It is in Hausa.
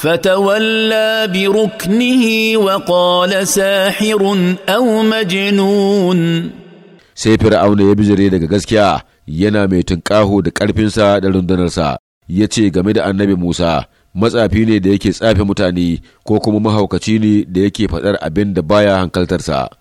فتولى بركنه وقال ساحر أو مجنون sai fir'auna ya bi bijire daga gaskiya yana mai tunƙaho da ƙarfinsa da rundunarsa ya ce game da annabi musa matsafi ne da yake tsafe mutane ko kuma mahaukaci ne da yake faɗar abin da baya hankaltarsa